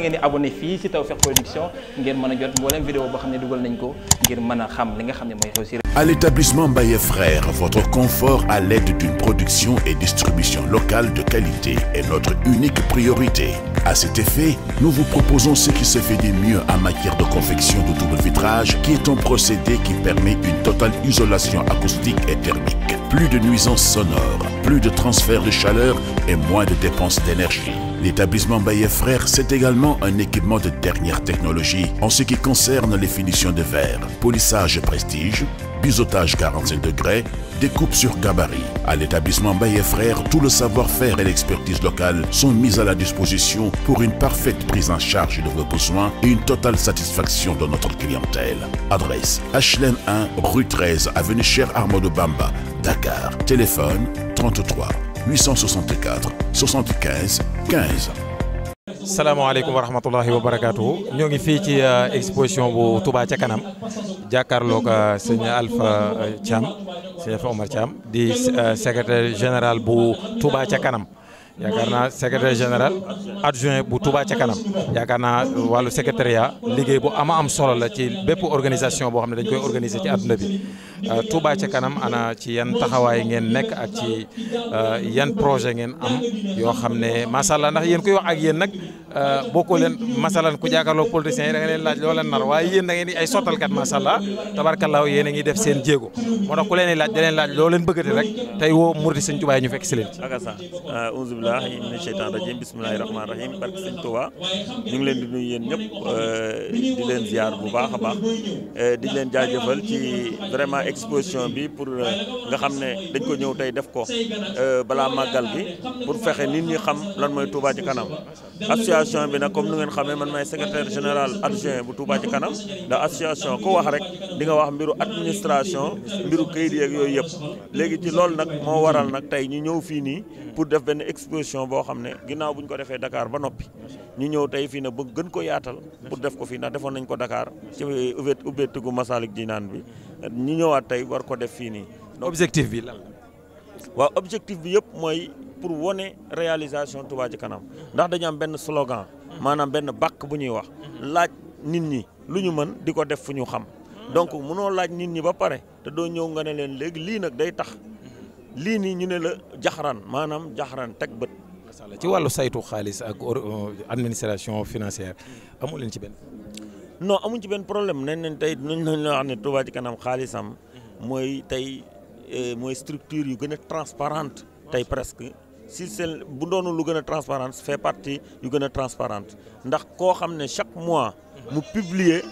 ngeen di abonné fii ci Tawfekh Production ngeen mën a jot mboolem vidéo boo xam nañ ko ngir mën a xam li nga xam ne mooy xew ci à l'établissement Mbaye Frères votre confort à l'aide d'une production et distribution locale de qualité est notre unique priorité à cet effet nous vous proposons ce qui se fait de mieux en matière de confection de double vitrage qui est un procédé qui permet une totale isolation acoustique et thermique plus de nuisances sonores plus de transfert de chaleur et moins de dépenses d'énergie L'établissement Baye Frères, c'est également un équipement de dernière technologie en ce qui concerne les finitions de verre, polissage prestige, biseautage 45 degrés, découpe sur gabarit. À l'établissement Baye Frères, tout le savoir-faire et l'expertise locale sont mis à la disposition pour une parfaite prise en charge de vos besoins et une totale satisfaction de notre clientèle. Adresse HLM 1, rue 13, avenue Cheikh Amadou Bamba, Dakar. Téléphone 864 75 15. salaamaaleykum wa ñoo ngi fii ci euh, exposition bu tubaa ca kanam jàkkaarloog euh, sëñ Alpha euh, Thiam sëñ Alpha Omar Thiam di secretaire général bu Touba ca kanam. yaakaar naa secrétaire général adjoint bu tubaa ca kanam yaakaar naa wàllu secrétariat liggéey bu ama am solo la ci bépp organisation boo xam ne dañ koy organisé ci àdduna bi. Euh, Touba ca kanam ana ci yan taxawaay ngeen nekk ak ci euh, yan projet ngeen am yoo xam ne macha allah ndax yéen koy wax ak yéen nag Euh, bokkoo leen masalan ku jàkkaarloo politiciens yi da leen laaj loo leen nar waaye yéen da ngeen di ay sottalkat masàllaa tabarkallaaw yéen a ngi def seen jéego moo tax ku leen di laaj da leen laaj loo leen bëggate rek tey woo murti sëñ Tuubaa ñu fekk si leen ci akasa euh, ñu ngi leen di nuyu yéen ñëpp euh, di leen ziar bu baax a baax di leen jaajëfal ci vraiment exposition bi pour nga xam ne dañ ko ñëw tey def ko balaa màggal bi pour fexe nit ñi xam lan mooy Tuubaa ci kanam association bi nag comme nu ngeen xamee man maay secrétaire général adjoint bu Touba ci kanam ndax association ku wax rek di wax mbiru administration mbiru kayit yeeg yooyu yëpp léegi ci loolu nag moo waral nag tey ñu ñëw fii nii pour def benn exposition boo xam ne ginnaaw bu ñu ko defee dakaar ba noppi ñu ñëw tey fii nag ba gën ko yaatal pour def ko fii ndax defoon nañ ko Dakar ci ubbeetugu Masalik naan bi ñu ñëwaat tey war ko def fii nii objectif bi lan pour wone réalisation Touba ci kanam ndax dañu am benn slogan maanaam benn bàkk bu ñuy wax laaj nit ñi lu ñu mën di ko def fu ñu xam donc mënoo laaj nit ñi ba pare te doo ñëw nga ne leen léegi lii nag day tax lii nii ñu ne la jaxaraan maanaam jaxaraan teg bët. ci wàllu saytu xaalis ak euh, administration financière amu leen ci benn. non amuñ ci benn problème nañ leen tey nañ leen wax ne Touba ci kanam xaalisam mooy tey euh, mooy structure yu gën a transparente tey presque si seen bu doonu lu gën a transparente fait partie yu gën a transparente ndax koo xam ne chaque mois mu publier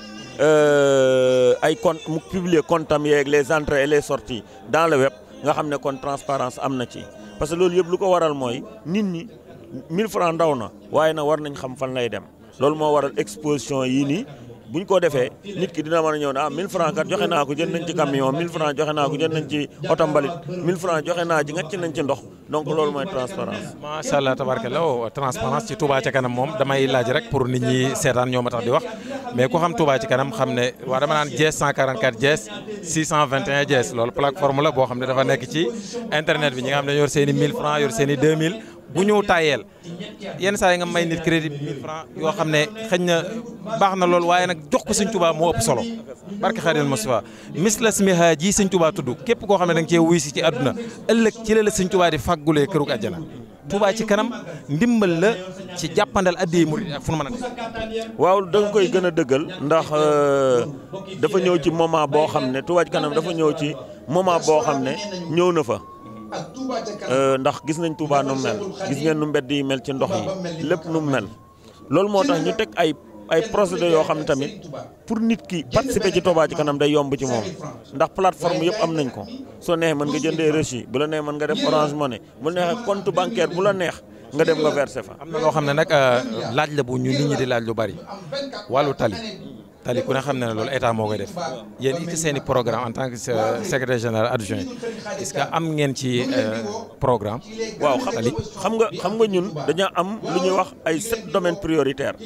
euh, ay compte mu publier comptam yeeg les entrées et les sorties dans le web nga xam ne kon transparence am na ci parce que loolu yëpp lu ko waral mooy nit ñi 1000 francs ndaw na waaye na war nañ xam fan lay dem loolu moo waral exposition yii nii buñ ko defee nit ki dina mën a ñëw na ah 1000 francs kat joxe naa ko jënd nañ ci camion 1000 francs joxe naa ko jënd nañ ci oto mbalit 1000 francs joxe naa ci ngacc nañ ci ndox donc loolu mooy transparence macha allah tabarkalla oh, transparence ci Touba ca kanam moom damay laaj rek pour nit ñi seetaan ñoo tax di wax mais ku xam Touba ci kanam xam ne waa dama naan Dies 144 Dies 621 Dies loolu plateforme la boo xam ne dafa nekk ci internet bi ñi ne yor seen i 1000 francs yor seen i bu ñëw tàyyeel yenn saa yi nga may nit crédit bi 1000 yoo xam ne xëñ na baax na lool waaye nag jox ko sëñ Tuubaa moo ëpp solo barke Xaadimal Mustafaa mislas miha ji sëñ Tuubaa tudd képp koo xam ne danga nga cee wuy si ci àdduna ëllëg ci la la sëñ Tuubaa di fàggulee kërug ci kanam ndimbal la ci jàppandal addi murid ak fu mën a def waaw da koy gën a dëggal ndax euh, dafa ñëw ci moment boo xam ne Touba ci kanam dafa ñëw ci moment boo xam ne ñëw na fa Euh, ndax gis nañ Touba nu mel gis ngeen nu mbedd yi mel ci ndox yi lépp nu mel loolu moo tax ñu teg ay ay procédures yoo xam ne tamit pour nit ki participer ci toobaa ci kanam day yomb ci moom ndax plateforme yëpp am nañ ko soo neexee mën nga jëndee reçu bu la neexee mën nga def Orange Money bu la neexee compte bancaire bu la neex nga dem nga verser fa. am na loo xam ne nag euh, laaj la bu ñu nit ñi di laaj lu bari wàllu tali. tali ku ne xam ne ne loolu état moo koy def yéen it seen i programme en tant que secrétaire général adjoint est am ngeen ci euh, programme. waaw xam nga xam nga ñun dañoo am lu ñuy wax ay sept domaines prioritaires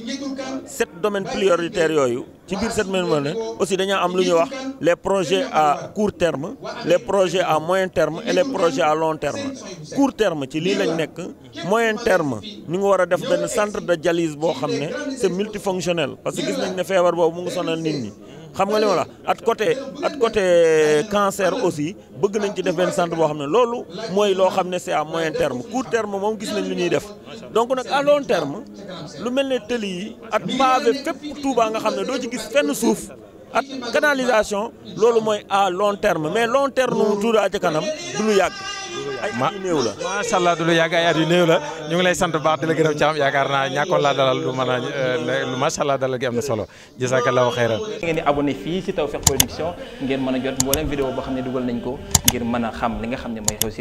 sept domaines prioritaires yooyu. ci biir cette même année aussi dañoo am lu ñuy wax les projets à court terme les projets à moyen terme et les projets à long terme court terme ci lii lañ nekk moyen terme ñu ngi war a def benn centre de dialyse boo xam ne c'est multifonctionnel parce que gis nañ ne feebar boobu mu ngi sonal nit ñi xam nga li ma la at côté at côté cancer aussi bëgg nañ ci def benn centre boo xam ne loolu mooy loo xam ne c'est à moyen terme court terme moom gis nañ lu ñuy def donc nag à long terme lu mel ne tëli yi at pavé fépp Touba nga xam ne doo ci gis fenn suuf at canalisation loolu mooy à lon terme mais long terme Touba ca kanam du lu yàgg ma macha allah du lu yàgg ay at yu néew la ñu ngi lay sant baax di la gërëm ci yaakaar naa ñàkkoon laa dalal lu mën a euh, lu allah dalal gi am na solo jazakallahu xayran ngeen di abonné fii ci Tawfekh Production ngeen mën a jot mboolem vidéo boo xam ne dugal nañ ko ngir mën a xam li nga xam ne mooy xew ci